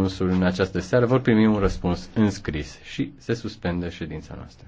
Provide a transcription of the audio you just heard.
răspunsul în această seară, vor primi un răspuns înscris și se suspendă ședința noastră.